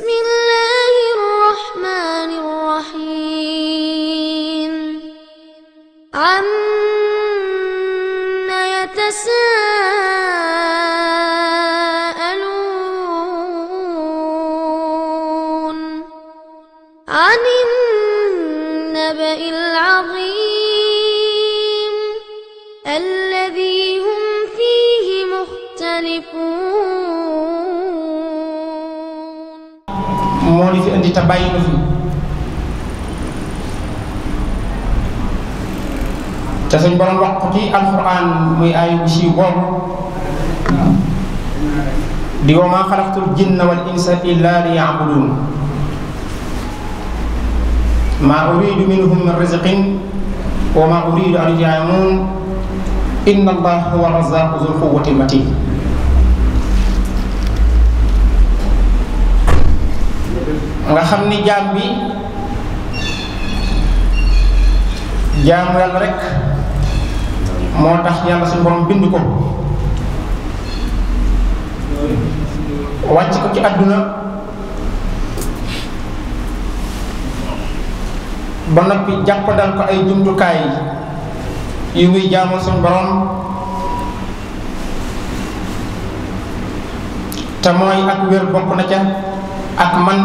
me سن بون وقت القران موي اي شي بون دي وما خلقت الجن والانس الا ليعبدون ما اريد منهم من رزق وما اريد ان يجامون ان الله هو الرزاق ذو القوه المتين nga xamni jam bi jam yalla rek moo tax yàlla suñu borom bind ko wàcc ko ci àdduna ba noppi jàppandal ko ay jumtukaay yu muy jaamal suñu borom te mooy ak wér bokk na ca ak man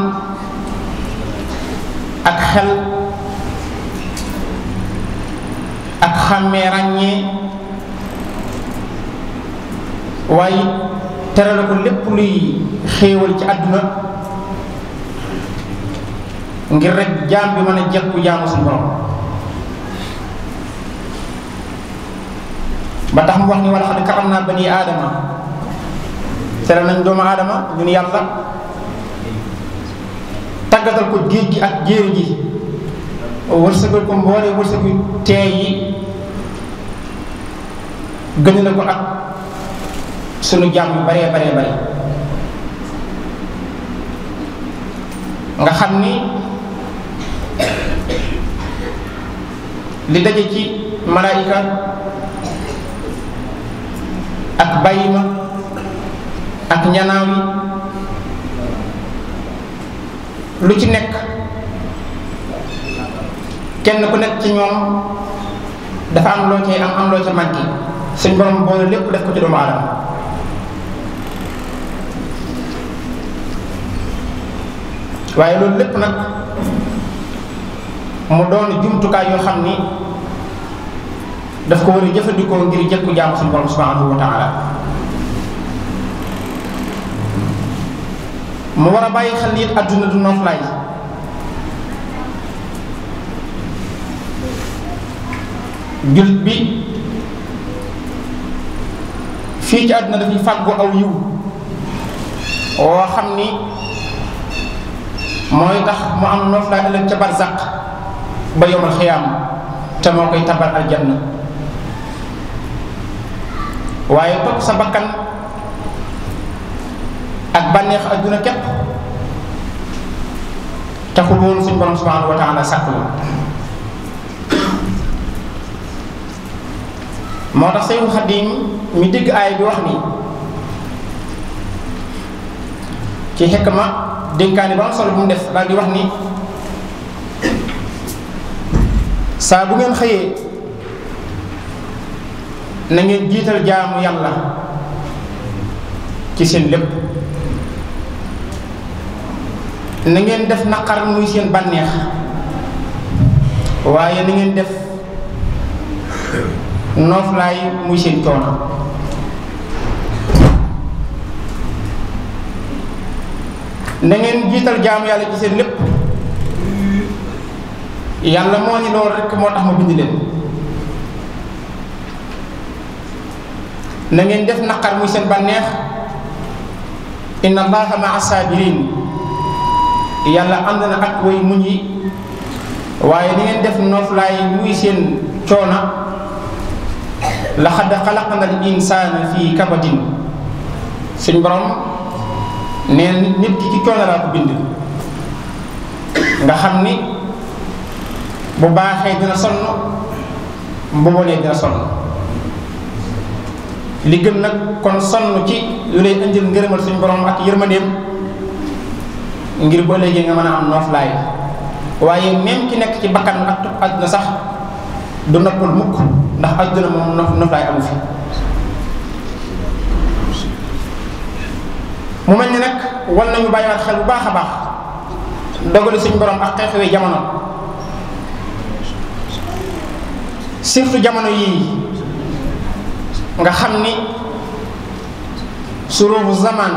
ak xel ak xàmmee ràññee waaye terale ko lépp luy xéewal ci àdduna ngir rek jaam bi mën a jekku jaamu suñu borom ba tax mu wax ni wala xad karam naa bani aadama teral nañ doomu aadama ñun yàlla tàggatal ko géej gi ak jéer ji wërsëgal ko mboole wërsëgu teey gën na ko ak sunu jàmm yu baree baree bari nga xam ni li daje ci malaayika ak bàyyima ak ñanaaw lu ci nekk kenn ku nekk ci ñoom dafa am loo cay am am loo ca màggi suñ borom boole lépp def ko ci doomu aadama waaye loolu lépp nag mu doon jumtukaay yoo xam ni daf ko war a jëfandikoo ngir jëkku jaamu suñ borom subhanahu wa taala mu war a bàyyi xel nit adduna du noflaay jullit bi fi ci aduna dañuy fàggu aw yu o xamni moy tax mu am noof laa ëllëg ci barzak ba yomal xiyaam ta mo koy tabal janna waye tok sa bakkan ak banex aduna kep taxul won suñ borom subhanahu wa taala sakku moo tax Seydou Xadim mi dégg aay bi wax ni ci ma dénkaani ba am solo bu mu def daal di wax ni saa bu ngeen xëyee na ngeen jiital jaamu yàlla ci seen lépp na ngeen def naqar muy seen bànneex waaye na ngeen def nof lay seen coono na ngeen jital jaamu yalla ci seen lepp yalla mo ni loolu rek mo tax ma bindi len na ngeen def nakar muy seen banex inna allaha maa sabirin yalla andana ak way muñi waye ni ngeen def lay muy seen coona laqad al insana fi kabadin suñ borom ne nit ki ci coono la ko bind nga xamni bu baxé dina sonno bu boné dina sonno li gën nak kon sonno ci lu lay andil ngërëmal suñ borom ak yermaneem ngir bo ëllëgee nga mën am nof lay waye même ki nek ci bakkan ak tuk adna sax du nakul mukk ndax àdduna moom nof noflaay amu fi mu mel ni nag war nañu bàyyiwaat xel bu baax a baax dogalu suñ borom ak xeexewee jamono surtout jamono yii nga xam ni surubu zaman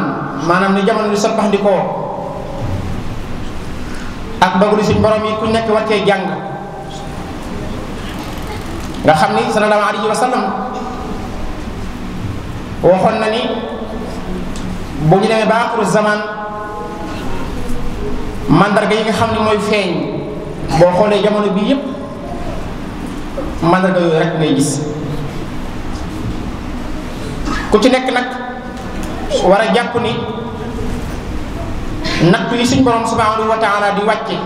maanaam ni jamono di soppax di ak dogalu suñ borom yi ku nekk war cee jàng nga xam ni sa alayhi wa sallam waxoon na ni bu ñu demee ba aaxiru zaman mandarga yi nga xam ni mooy feeñ boo xoolee jamono bii yépp mandarga yooyu rek ngay gis ku ci nekk nag war a jàpp ni natt yi suñ borom subhanahu wa taala di wàcce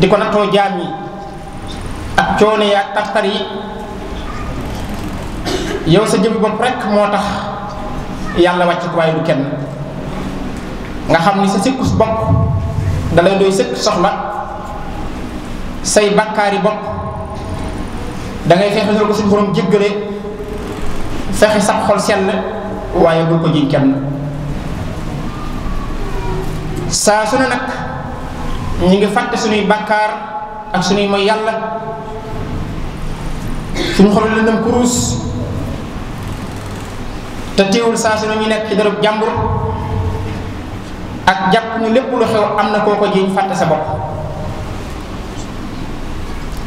di ko nattoo jaam yi ak coono yi ak tartar yi yow sa jëf bopp rek moo tax yàlla wàcc ko waaye du kenn nga xam ni sa sikkus bopp da lay doy sëkk soxla say bàkkaari bopp da ngay fexe loolu ko suñu borom jéggale fexe sax xol sell waaye bul ko kenn saa su ne nag ñu ngi fàtte suñuy bàkkaar ak suñuy mooy yàlla suñu xol la kuruus te teewul saa su ne ñu nekk ci dërëb jàmbur ak jàpp lépp lu xew am na kooko jiñ fàtte sa bopp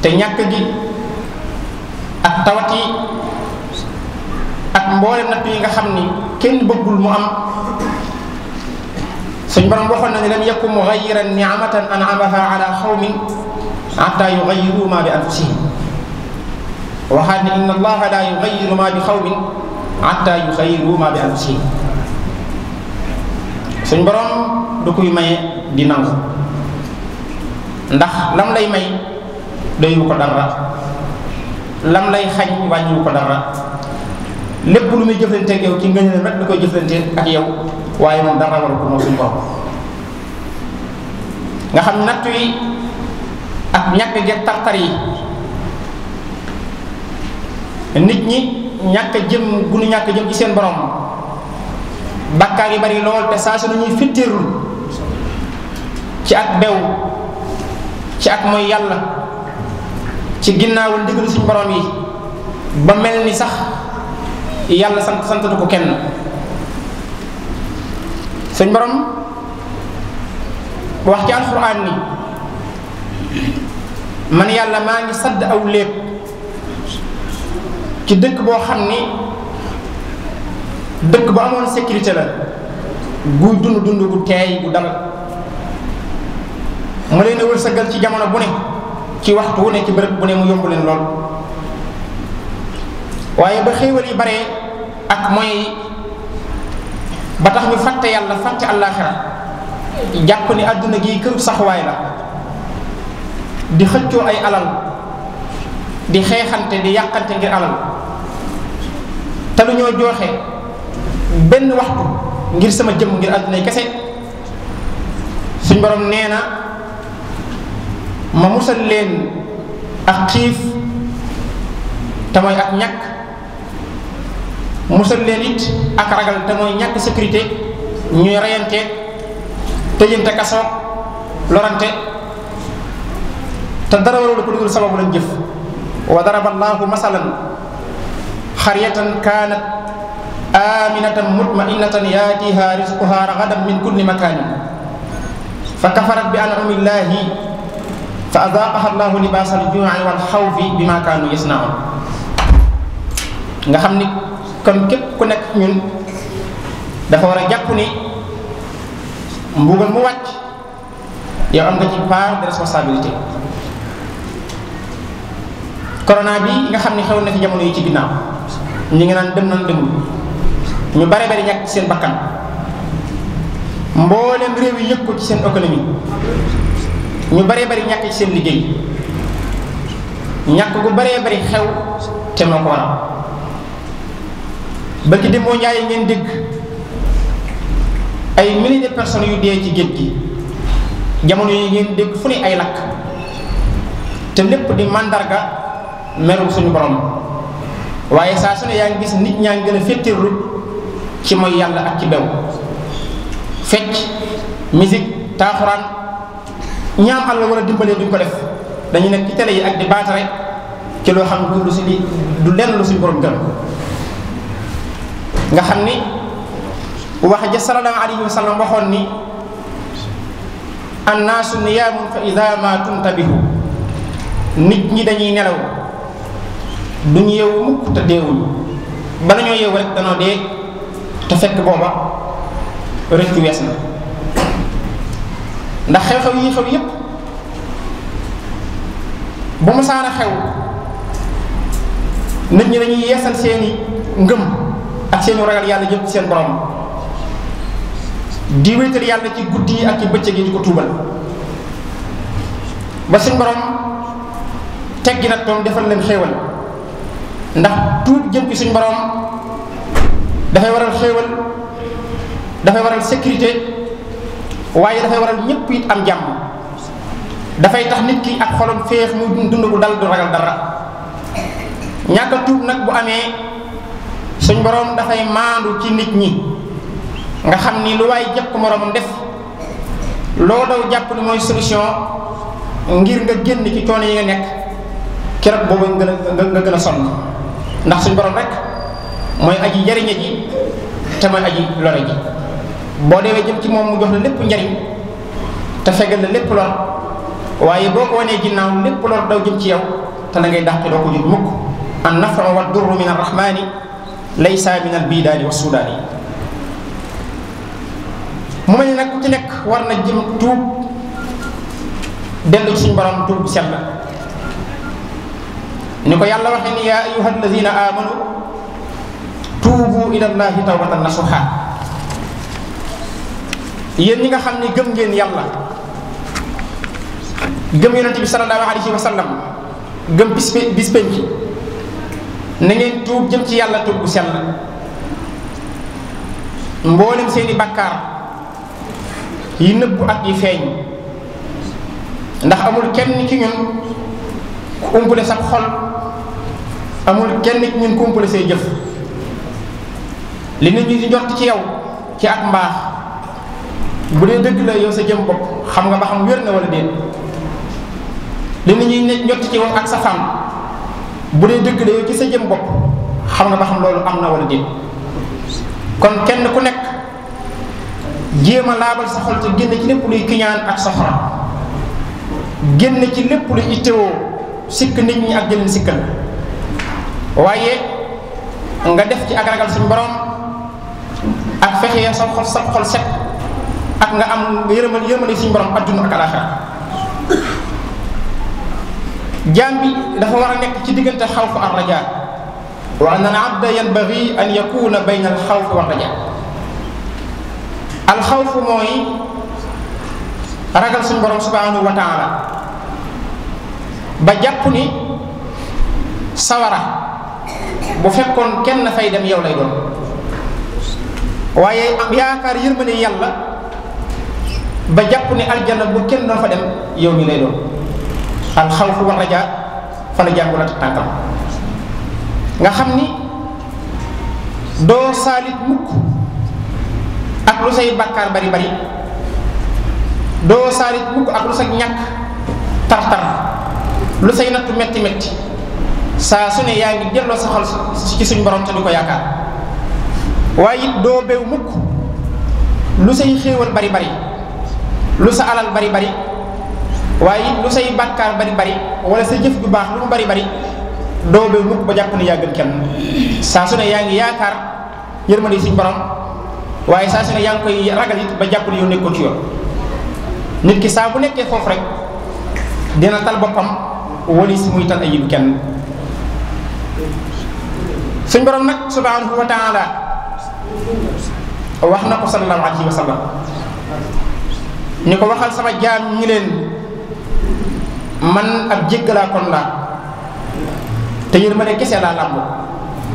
te ñàkk gi ak tawat ak mboolem natt yi nga xam ni kenn bëggul mu am suñ borom waxoon na ne lam yakun mughayyiran ni'matan an'amaha ala qawmin hatta yughayyiru ma bi anfusihim waxaat ne inna allaha la yughayyiru ma bi qawmin hatta yu xayru ma bi anfusihim suñ borom du kuy maye di nangu ndax lam lay may doywu ko dara lam lay xañ wàññiwu ko dara lépp lu muy jëflanteeg yow ci ngëneel rek da koy jëflante ak yow waaye moom dara waru ko moom suñ borom nga xam nattu yi ak ñàkk geeg tartar yi nit ñi ñàkk a jëm gu ñàkk jëm ci seen borom bakkaar yi bari lool te saa su ñuy fittirlu ci ak bew ci ak mooy yàlla ci ginnaawu ndigalu suñ borom yi ba mel ni sax yàlla sant santatu ko kenn suñ borom wax ci alxuraan ni man yàlla maa ngi sadd aw lépp ci dëkk boo xam ni dëkk bu amoon sécurité la guy dund dund bu teey bu dal mu leen wërsëgal ci jamono bu ne ci waxtu wu ne ci bërëb bu ne mu yomb leen lool waaye ba xéewal yi bare ak mooy ba tax ñu fàtte yàlla fàtte àllaaxira jàpp ni àdduna gi këru saxuwaay la di xëccoo ay alal di xeexante di yàqante ngir alal te lu ñoo jooxe benn ko ngir sama jëmm ngir àddunay kese suñ borom nee na ma musal leen ak xiif te mooy ak ñàkk musal leen it ak ragal te mooy ñàkk sécurité ñuy reyante tëjante kaso lorante te dara warul ko dugul sababu lañ jëf wa daraba allahu masalan qaryatan kanat aminatan mutma'innatan yatiha rizquha ragadan min kulli makan fa kafarat bi an'amillahi fa adzaqaha Allahu libasal ju'i wal khawfi bima kanu yasna'un nga xamni kon kep ku nek ñun dafa wara japp ni mbugal mu wacc yow am nga ci part de responsabilité corona bi nga xam ne xew na ci jamono yi ci ginnaaw ñi ngi naan dem nañ dem ñu bare bare ñàkk seen bakkan mboolem réew yi yëg ci seen économie ñu bare bari ñàkk ci seen liggéey ñàkk gu bare bari xew te ma ko waral ba ki demoo ñaay ngeen dégg ay milliers de personnes yu dee ci géej gi jamono yi ngeen dégg fu ne ay lakk te lépp di mandarga meru suñu borom waye sa suñu yaangi gis nit ñaa gëna gën a ci moy yalla ak ci bëw fecc musique taaxuraan ñaam Allah war dimbalé duñ ko def dañu nek ci télé yi ak di baatare ci lo xam du lu si du lenn lu suñu borom gën nga xam ni wax ja sallallahu alayhi wasallam waxon ni annaasu niyamun fa idha ma tuntabihu nit ñi dañuy nelaw duñ yeewu mukk te deewuñu bala ñoo yeewu rek danoo dee te fekk booba rëccu wees na ndax xew-xew yi xew yépp bu ma saana xew nit ñi dañuy yeesal seeni ngëm ak seeni ragal yàlla jëm seen borom di wéetal yàlla ci guddi yi ak ci bëccëg yi di ko tuubal ba suñ borom teggi nag doom defal leen xéewal ndax tuub jëm ci suñ borom dafay waral xéewal dafay waral sécurité waaye dafay waral ñépp it am jàmm dafay tax nit ki ak xolam féex muy dund bu dal du ragal dara ñàkk tuub nag bu amee suñ borom dafay maandu ci nit ñi nga xam ni lu waay jàpp moroomam def loo daw jàpp ni mooy solution ngir nga génn ci coono yi nga nekk keroog boobu nga nga gën a sonn ndax suñu borom rek mooy aji njariñe ji te mooy aji lore ji boo deewee jëm ci moom mu jox la lépp njariñ te fegal la lépp lor waaye boo ko wanee ginnaaw lépp lor daw jëm ci yow te la ngay dàqi doo ko jut mukk an nafra wa durru min arrahmani laysa min al bidaani wa mu mel ni nag ku ci nekk war na jëm tuub dellu ci borom tuub bu sell ni ko yàlla waxee ni yaa ayuha alladina amanu tuubu ila llahi tawbatan nasuha yéen ñi nga xam ni gëm ngeen yàlla gëm yonente bi salallahu alayhi wa sallam gëm bis bis penc na ngeen tuub jëm ci yàlla tuub bu sell mboolem seeni bakkaar yi nëbbu ak yi feeñ ndax amul kenn ki ñun ku umpule sax xol amul kenn ci ñun kumpale say jëf li nit ñi di njort ci yow ci ak mbaax bu dee dëgg la yow sa jëm bopp xam nga ba xam wér na wala déet li nit ñi ci yow ak sa fànn bu dee dëgg la ci sa jëm xam nga ba xam loolu am na wala déet kon kenn ku nekk jéem a laabal sa xol te génn ci lépp luy kiñaan ak soxora génn ci lépp luy ittewoo sikk nit ñi ak jëleen sikkal waye nga def ci ak ragal borom ak fexé ya sa xol sa xol set ak nga am yeureumal yeureumal suñ borom aduna ak alaxira jambi dafa wara a ci digënté xawfu ar raja wa anna al abda yanbaghi an yakuna bayna al khawf wa raja al khawf moy ragal suñ borom subhanahu wa taala ba japp ni sawara bu fekkoon kenn fay dem yow lay doon waaye am yaakaar yërmane yàlla ba jàpp ne aljanna bu kenn doon fa dem yow mi lay doon al xawfu wal raja fa la jàngu la tànkam nga xam ni doo saalit mukk ak lu say bàkkaar bari bari doo saalit mukk ak lu sa ñàkk tar tar lu say nattu metti metti saa su ne yaa ngi delloo sa xol ci suñ borom te di ko yaakaar waaye it doo bew mukk lu say xéewal bari bari lu sa alal bari bari waaye it lu say bàkkaar bari bari wala sa jëf bu baax lu mu bari bari doo bew mukk ba jàpp ne yaa kenn saa su ne yaa ngi yaakaar yërmande suñ borom waaye saa su ne yaa ngi koy ragal ba jàpp ne yow nekkoo ci yoon nit ki saa bu nekkee foofu rek dina tal boppam wali si muy tan ayibu kenn suñ borom nag subhanahu wa taala wax na ko sallallahu alayhi wa sallam ñu ko waxal sama jaam ñi leen man ab jéggalaa kon laa te yërmande kese laa làmb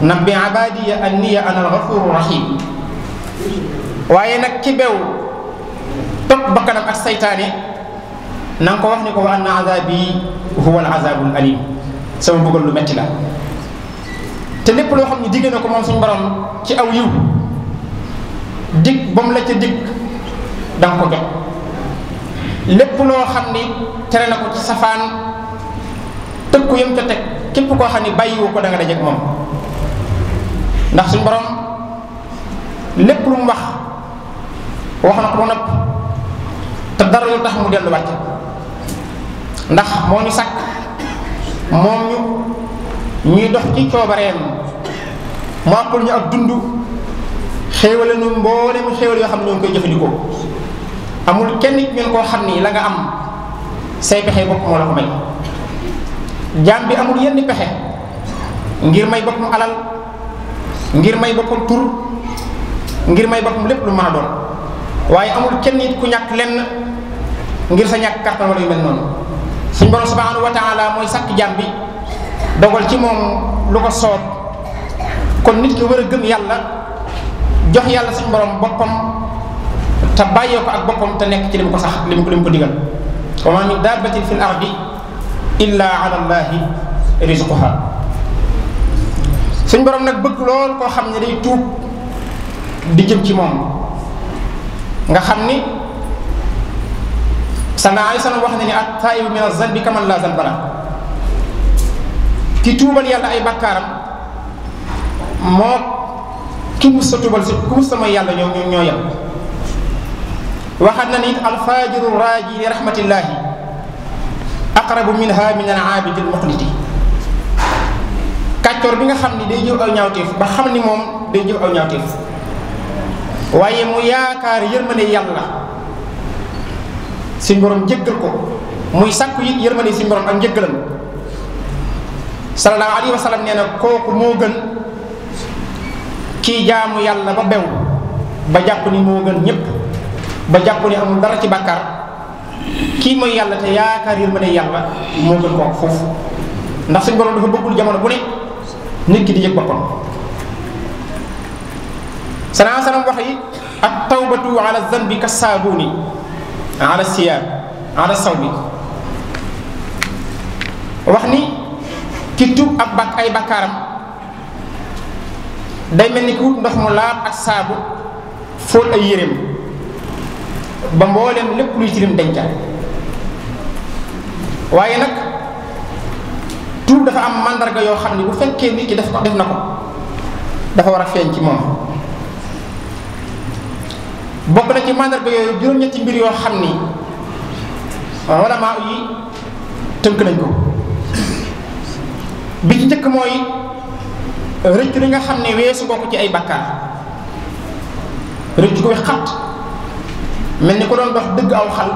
nabbi abadiya anniya ana alghafuru rahim waaye nag ki bew topp bakkanam ak saytaane na ko wax ni ko wa anna azabi sama bëggal lu metti la té lépp lo xamni digé digg na ko moom suñu borom ci aw yiw dig bam la ci dig dang ko jox lépp lo xamni téré tere na ko ci safaan tëkku yam ca tek képp ko xamni bayyi bàyyiwu ko da nga dajeeg mom ndax suñu borom lépp lu wax wax na ko nak nopp dara yu tax mu dellu wacc ndax mo ñu sak mom ñu ñuy dox ci coobareem màmpal ñu ak dundu xéewale nu mboolem xéewal yo xam ñu koy jëfëndiko amul kenn ñu ko xamni la nga am say pexé bokk mo la ko may jaam bi amul yenn pexé ngir may boppam alal ngir may boppam tur ngir may boppam lepp lu mëna doon waye amul kenn nit ku ñak lenn ngir sa ñak kàttan wala yu mel non suñu borom subhanahu wa taala moy sakk jaam bi dogal ci mom lu ko soor kon nit ki war a gëm yàlla jox yàlla suñu borom boppam te bàyyee ak boppam te nekk ci li ko sax li mu ko li mu ko digal wa ma min fi l illa ala allahi suñ borom nag bëgg lool koo xam ne day tuub di jëm ci moom nga xam ni sana ay sana wax na ni at taayibu min az-zanbi kaman laa zanba la ki tuubal yàlla ay bakkaaram moo kii mu sa tubal si ku mu sama yàlla ñoom ñoo yem waxaat na ni it alfajiru raaji li rahmatillahi aqrabu minha min al aabidi al kàccoor bi nga xam ni day jëw aw ñaawteef ba xam ni moom day jëw aw ñaawteef waaye mu yaakaar yërmande yàlla si borom jéggal ko muy sàkku it yërmande si borom ak njéggalam sallallahu alayhi wa sallam kooku moo gën kii jaamu yàlla ba bew ba jàpp ni moo gën ñëpp ba jàpp ni amul dara ci bàkkaar kii mooy yàlla te yaakaar yërmande yàlla moo gën koo foofu ndax suñ borom dafa bëggul jamono bu ne nit ki di yëg boppam sanaa sanam wax yi ak tawbatu ala zanbi ka saabuni ala siyaab ala saw bi wax ni ki tuub ak bak ay bakkaaram day mel ni ku ndox mu laab ak saabu fóot ay yéreem ba mbooleem lépp luy tilim denca waaye nag tuub dafa am màndarga yoo xam ne bu fekkee nit ki def ko def na ko dafa war a feeñ ci moom bokk na ci màndarga yooyu juróom-ñetti mbir yoo xam ni wala maa yi tënk nañ ko bi ci njëkk mooy rëcc li nga xam ne weesu bokk ci ay bakkaar rëcc koy xat mel ni ko doon dox dëgg aw xal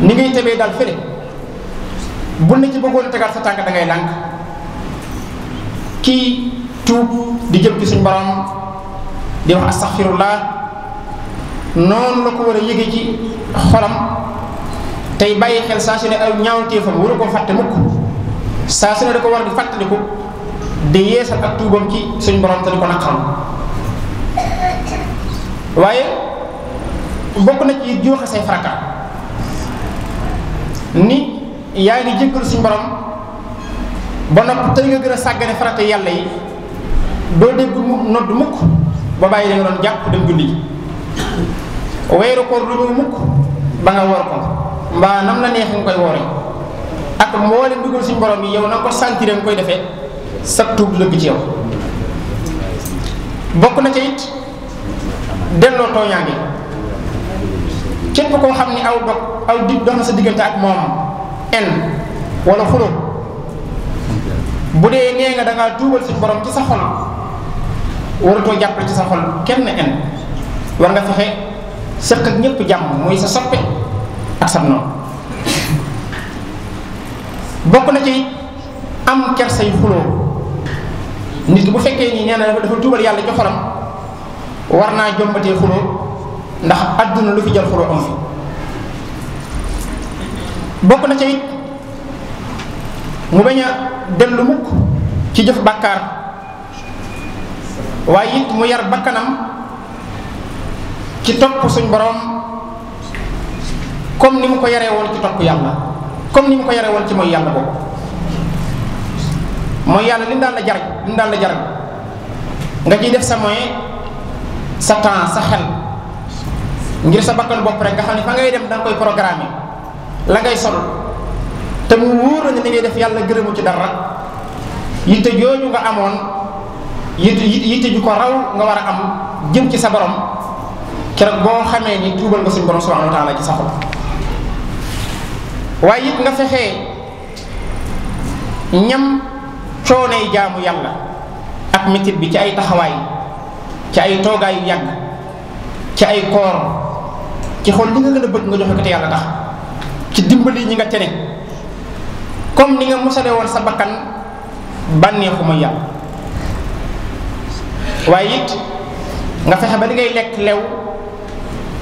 ni ngay tebee daal fële bu ne ci bëggoon tegal sa tànk da ngay lànk kii tuub di jëm ci suñ borom di wax astaxfirullah noonu la ko war a yëge ci xolam tey bàyyi xel saa su ne aw ñaawteefam waru ko fàtte mukk saa su ne da ko war di fàttaliku di yeesal ak tuubam ci suñu borom te di ko naqal waaye bokk na ci jooxe say faraka ni yaay ngi jéggal suñu borom ba nopp tey nga gën a sàggane farata yàlla yi doo dégg nodd mukk ba bàyyi da nga doon jàpp dem julli weeru koor lu mukk ba nga wor ko mbaa nam la neex nga koy woore ak mboolem dugal suñu borom yi yow na ko sentir nga koy defee sag tuub du ci yow bokk na ca it bi kenn képp koo xam ni aw dog aw di dox na sa diggante ak moom en wala xulóom bu dee nee nga da ngaa tuubal suñu borom ci sa xol waratoo jàppale ci sa xol kenn en war nga fexe sëq ak ñëpp jàmm mooy sa soppe ak sa noonu bokk na ci am kersa yu xulóom nit bu fekkee ni nee na dafa tuubal yàlla ci xolam war naa jombatee xuloo ndax àdduna lu fi jël xuloo am fi bokk na ca it mu bañ a dem lu mukk ci jëf bàkkaar waaye it mu yar bakkanam ci topp suñ borom comme ni mu ko yaree woon ci topp yàlla comme ni mu ko yaree woon ci mooy yàlla boobu mooy yalla li dal la jar li dal la jar nga ci def sa moy sa temps sa xel ngir sa bakkan bop rek nga xam fa ngay dem dang koy programmer la ngay sol te mu wóor na ni ngay def yàlla gërëmu ci dara yitte joju nga amone yitte yitte ju ko raw nga wara am jëm ci sa borom bo xamé ni tuubal nga suñu borom subhanahu wa taala ci saxal waye nga fexé ñam coonay jaamu yàlla ak metit bi ci ay taxawaay ci ay toogaayu yàgg ci ay koor ci xool li nga gën a bëgg nga joxe ko te yàlla tax ci dimbali ñi nga tere comme ni nga mosale woon sa bakkan bànneexu mooy yàlla waaye it nga fexe ba li ngay lekk lew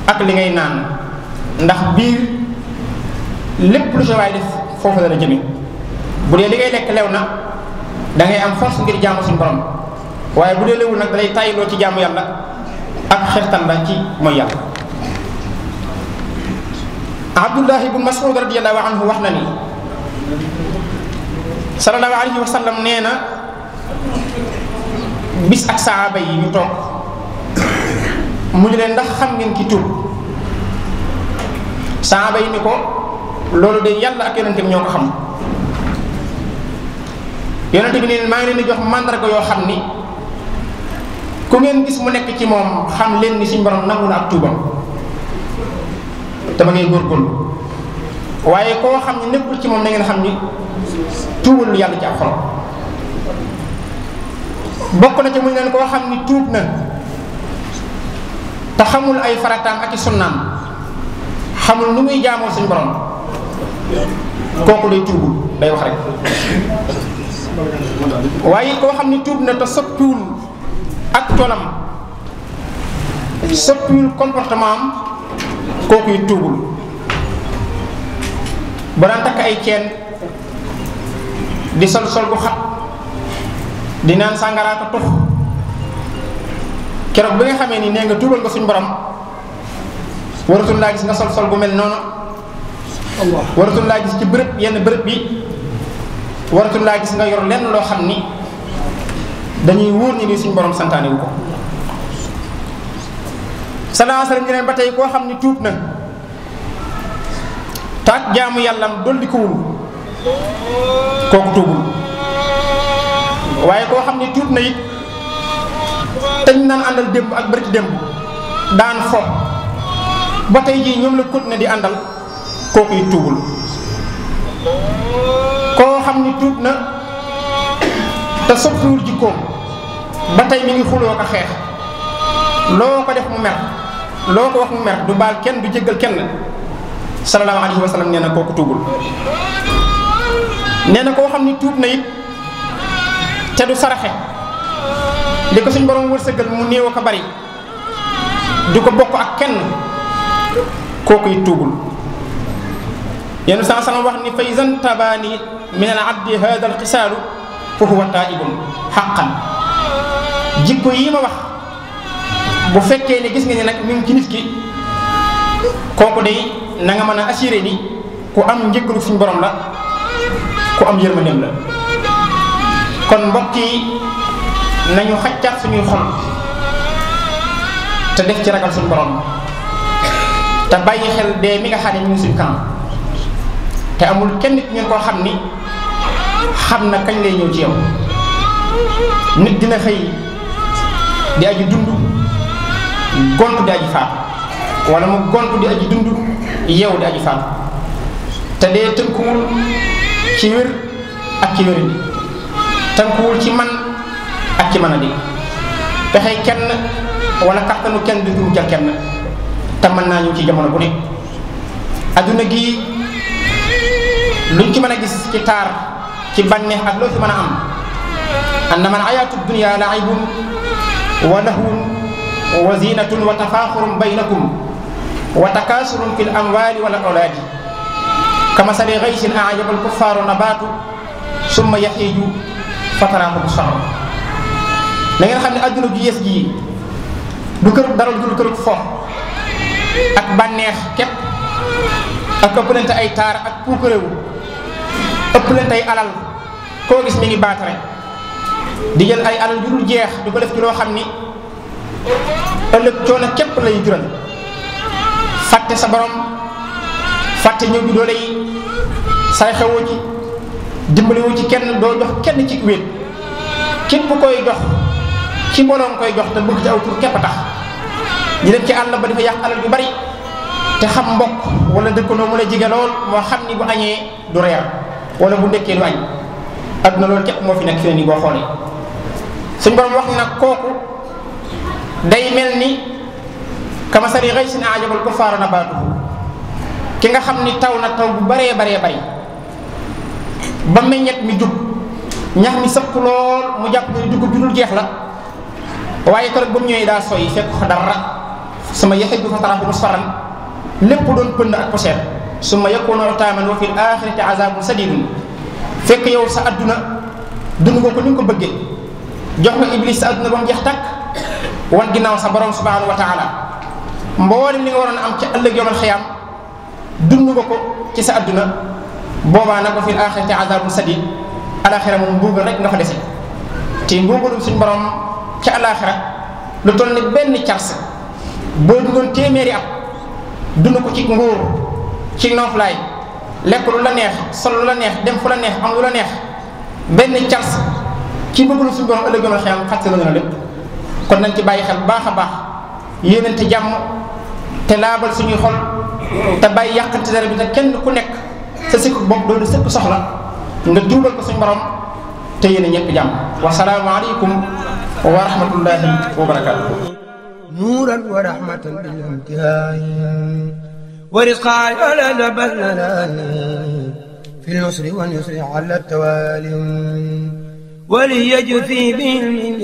ak li ngay naan ndax biir lépp lu sa waay def foofu la la jëme bu dee li ngay lekk lew na da ngay am force ngir jaamu suñu borom waaye bu dee léwul nag lay tàyyiloo ci jaamu yàlla ak xextan la ci mooy yàlla abdullah ibn mas'ud radiyallahu anhu wax na ni sallallahu alayhi wa sallam nee bis ak saaba yi ñu toog mu ñu leen ndax xam ngeen ki tur saaba yi ni ko loolu de yàlla ak ñoo xam yonent bi neen maa ngi leen di jox màndarga yoo xam ni ku ngeen gis mu nekk ci moom xam leen ni suñ borom nangu na ak tuubam te ma ngay góorgóorlu waaye koo xam ne nekkul ci moom na ngeen xam ni tuubal lu yàlla ci xol bokk na ci muy neen koo xam tuub na te xamul ay farataam ak i sunnaam xamul nu muy jaamoo suñ borom kooku day tuubul day wax rek waye ko xamni ne tuub na ta soppiwul ak colam soppiwul comportement ko koy tuubul ba daan ay cien di sol sol bu xat di nan sangara ko tux keroog bi nga xamé ni nga tuubal nga suñ borom waratul laa gis nga sol sol bu mel allah waratul laa gis ci bërëb yenn bërëb bi waratul la gis nga yor len lo xamni dañuy wóor ni lii suñ borom santane wu ko salaa salam ñu ne batay ko xamni xam na tak jaamu yàllam di ko wul ko tuubul waaye koo xam ni na yit tañ nan andal dem ak barki dem daan fo batay ji ñom la ko ne di andal ko it tuubul tuub na te soppiwul jikkoom ba tey mi ngi xuloo ko xeex loo ko def mu mer loo ko wax mu mer du baal kenn du jéggal kenn sallallahu alayhi wa sallam nee na kooku tuubul nee na koo xam ni tuub na it te du saraxe li ko suñ borom wërsëgal mu néew ko bari du ko bokk ak kenn kooku it tuubul yenu saa sallam wax ni fay zan min al abdi hada al xisaalu fa huwa taibun xaqan jikko yi ma wax bu fekkee ne gis nga ne nag mi ngi ci nit ki kooku day na nga mën a assuré ni ku am njëggalu suñu borom la ku am yërmandeem la kon mbokk yi nañu xaccaat suñuy xol te def ci ragal suñu borom te bàyyi xel dee mi nga xam ne ñu ngi suñu kanam te amul kenn nit ngeen koo xam ni xam na kañ lay ñëw ci yow nit dina xëy di aji dund gont di aji faatu wala mu gont di aji dund yow di aji faatu te dee tënkuwul ci wér ak ci wéri bi tënkuwul ci man ak ci man a di pexey kenn wala kattanu kenn du dul jël kenn te mën naa ñëw ci jamono bu ne adduna gi luñ ci mën a gis ci taar ci bànneex ak loo fi mën a am anna man ayaatu dunya laibun wa lahwun wa zinatun wa tafaaxurun baynakum wa takaasurun fil amwaali wal awlaadi kama sali gaysin aajabal kuffaaru nabaatu summa yaxiiju fataraahu busran na ngeen xam ne adduna ju yees jii du kër dara dul kër fo ak bànneex képp ak ëpp leen ay taar ak puukarewu ëpp leen ay alal koo gis mi ngi baatare di jël ay alal jurul jeex di ko def ci loo xam ni ëllëg coono képp lay jural fàtte sa borom fàtte ñëw bi doole yi say xewoo ci dimbaliwu ci kenn doo jox kenn ci wéet képp koy jox ci boroom koy jox te bëgg ci aw tur képp tax ñu dem ci àll na ba dafa yàq alal yu bari te xam mbokk wala dëkkandoo mën a jige lool moo xam ni bu añee du reer wala bu ndekkee du añ àdduna loolu képp moo fi nekk fii nii boo xoolee suñ borom wax nag kooku day mel ni kamasari ghaysin a'jabal kuffaara nabaatuhu ki nga xam ni taw na taw bu baree baree bari ba meññet mi jub ñax mi sëpp lool mu jàpp ne dugub bi dul jeex la waaye keroog ba mu ñëwee daa sooy fekk ko dara sama yaxit du fa taraafu musfaran lépp doon pënd ak pochette su ma yakunu utaaman wa fil fekk yow sa adduna dund ko ni ko bëggee jox nga iblis sa adduna ba mu jeex wan ginnaaw sa borom subhanahu wa taala mboolem li nga waroon am ca ëllëg yomal xiyaam dund nga ko ci sa adduna boobaa nag wa fil axirati sa sadid alaxira moom mbuugal rek nga fa dese te mbuugalum suñu borom ci alaxira lu toll ni benn cars boo dundoon téeméeri at dund ko ci nguur ci noflaay lekk la neex sol la neex dem fu la neex am lu la neex benn cans ci bëggul suñu borom ëllëg yomal xiyam xat la na lépp kon nañ ci bàyyi xel baax a baax yéenante jàmm te laabal suñuy xol te bàyyi yàqante dara bi te kenn ku nekk sa sikku bopp doolu sëpp soxla nga juubal ko suñu borom te yéen a ñëpp jàmm wasalaamu aleykum wa rahmatullahi wa barakatuh nuuran wa rahmatan bil imtihaan ورزقا على لبلنا في اليسر واليسر على التوالي وليجثي به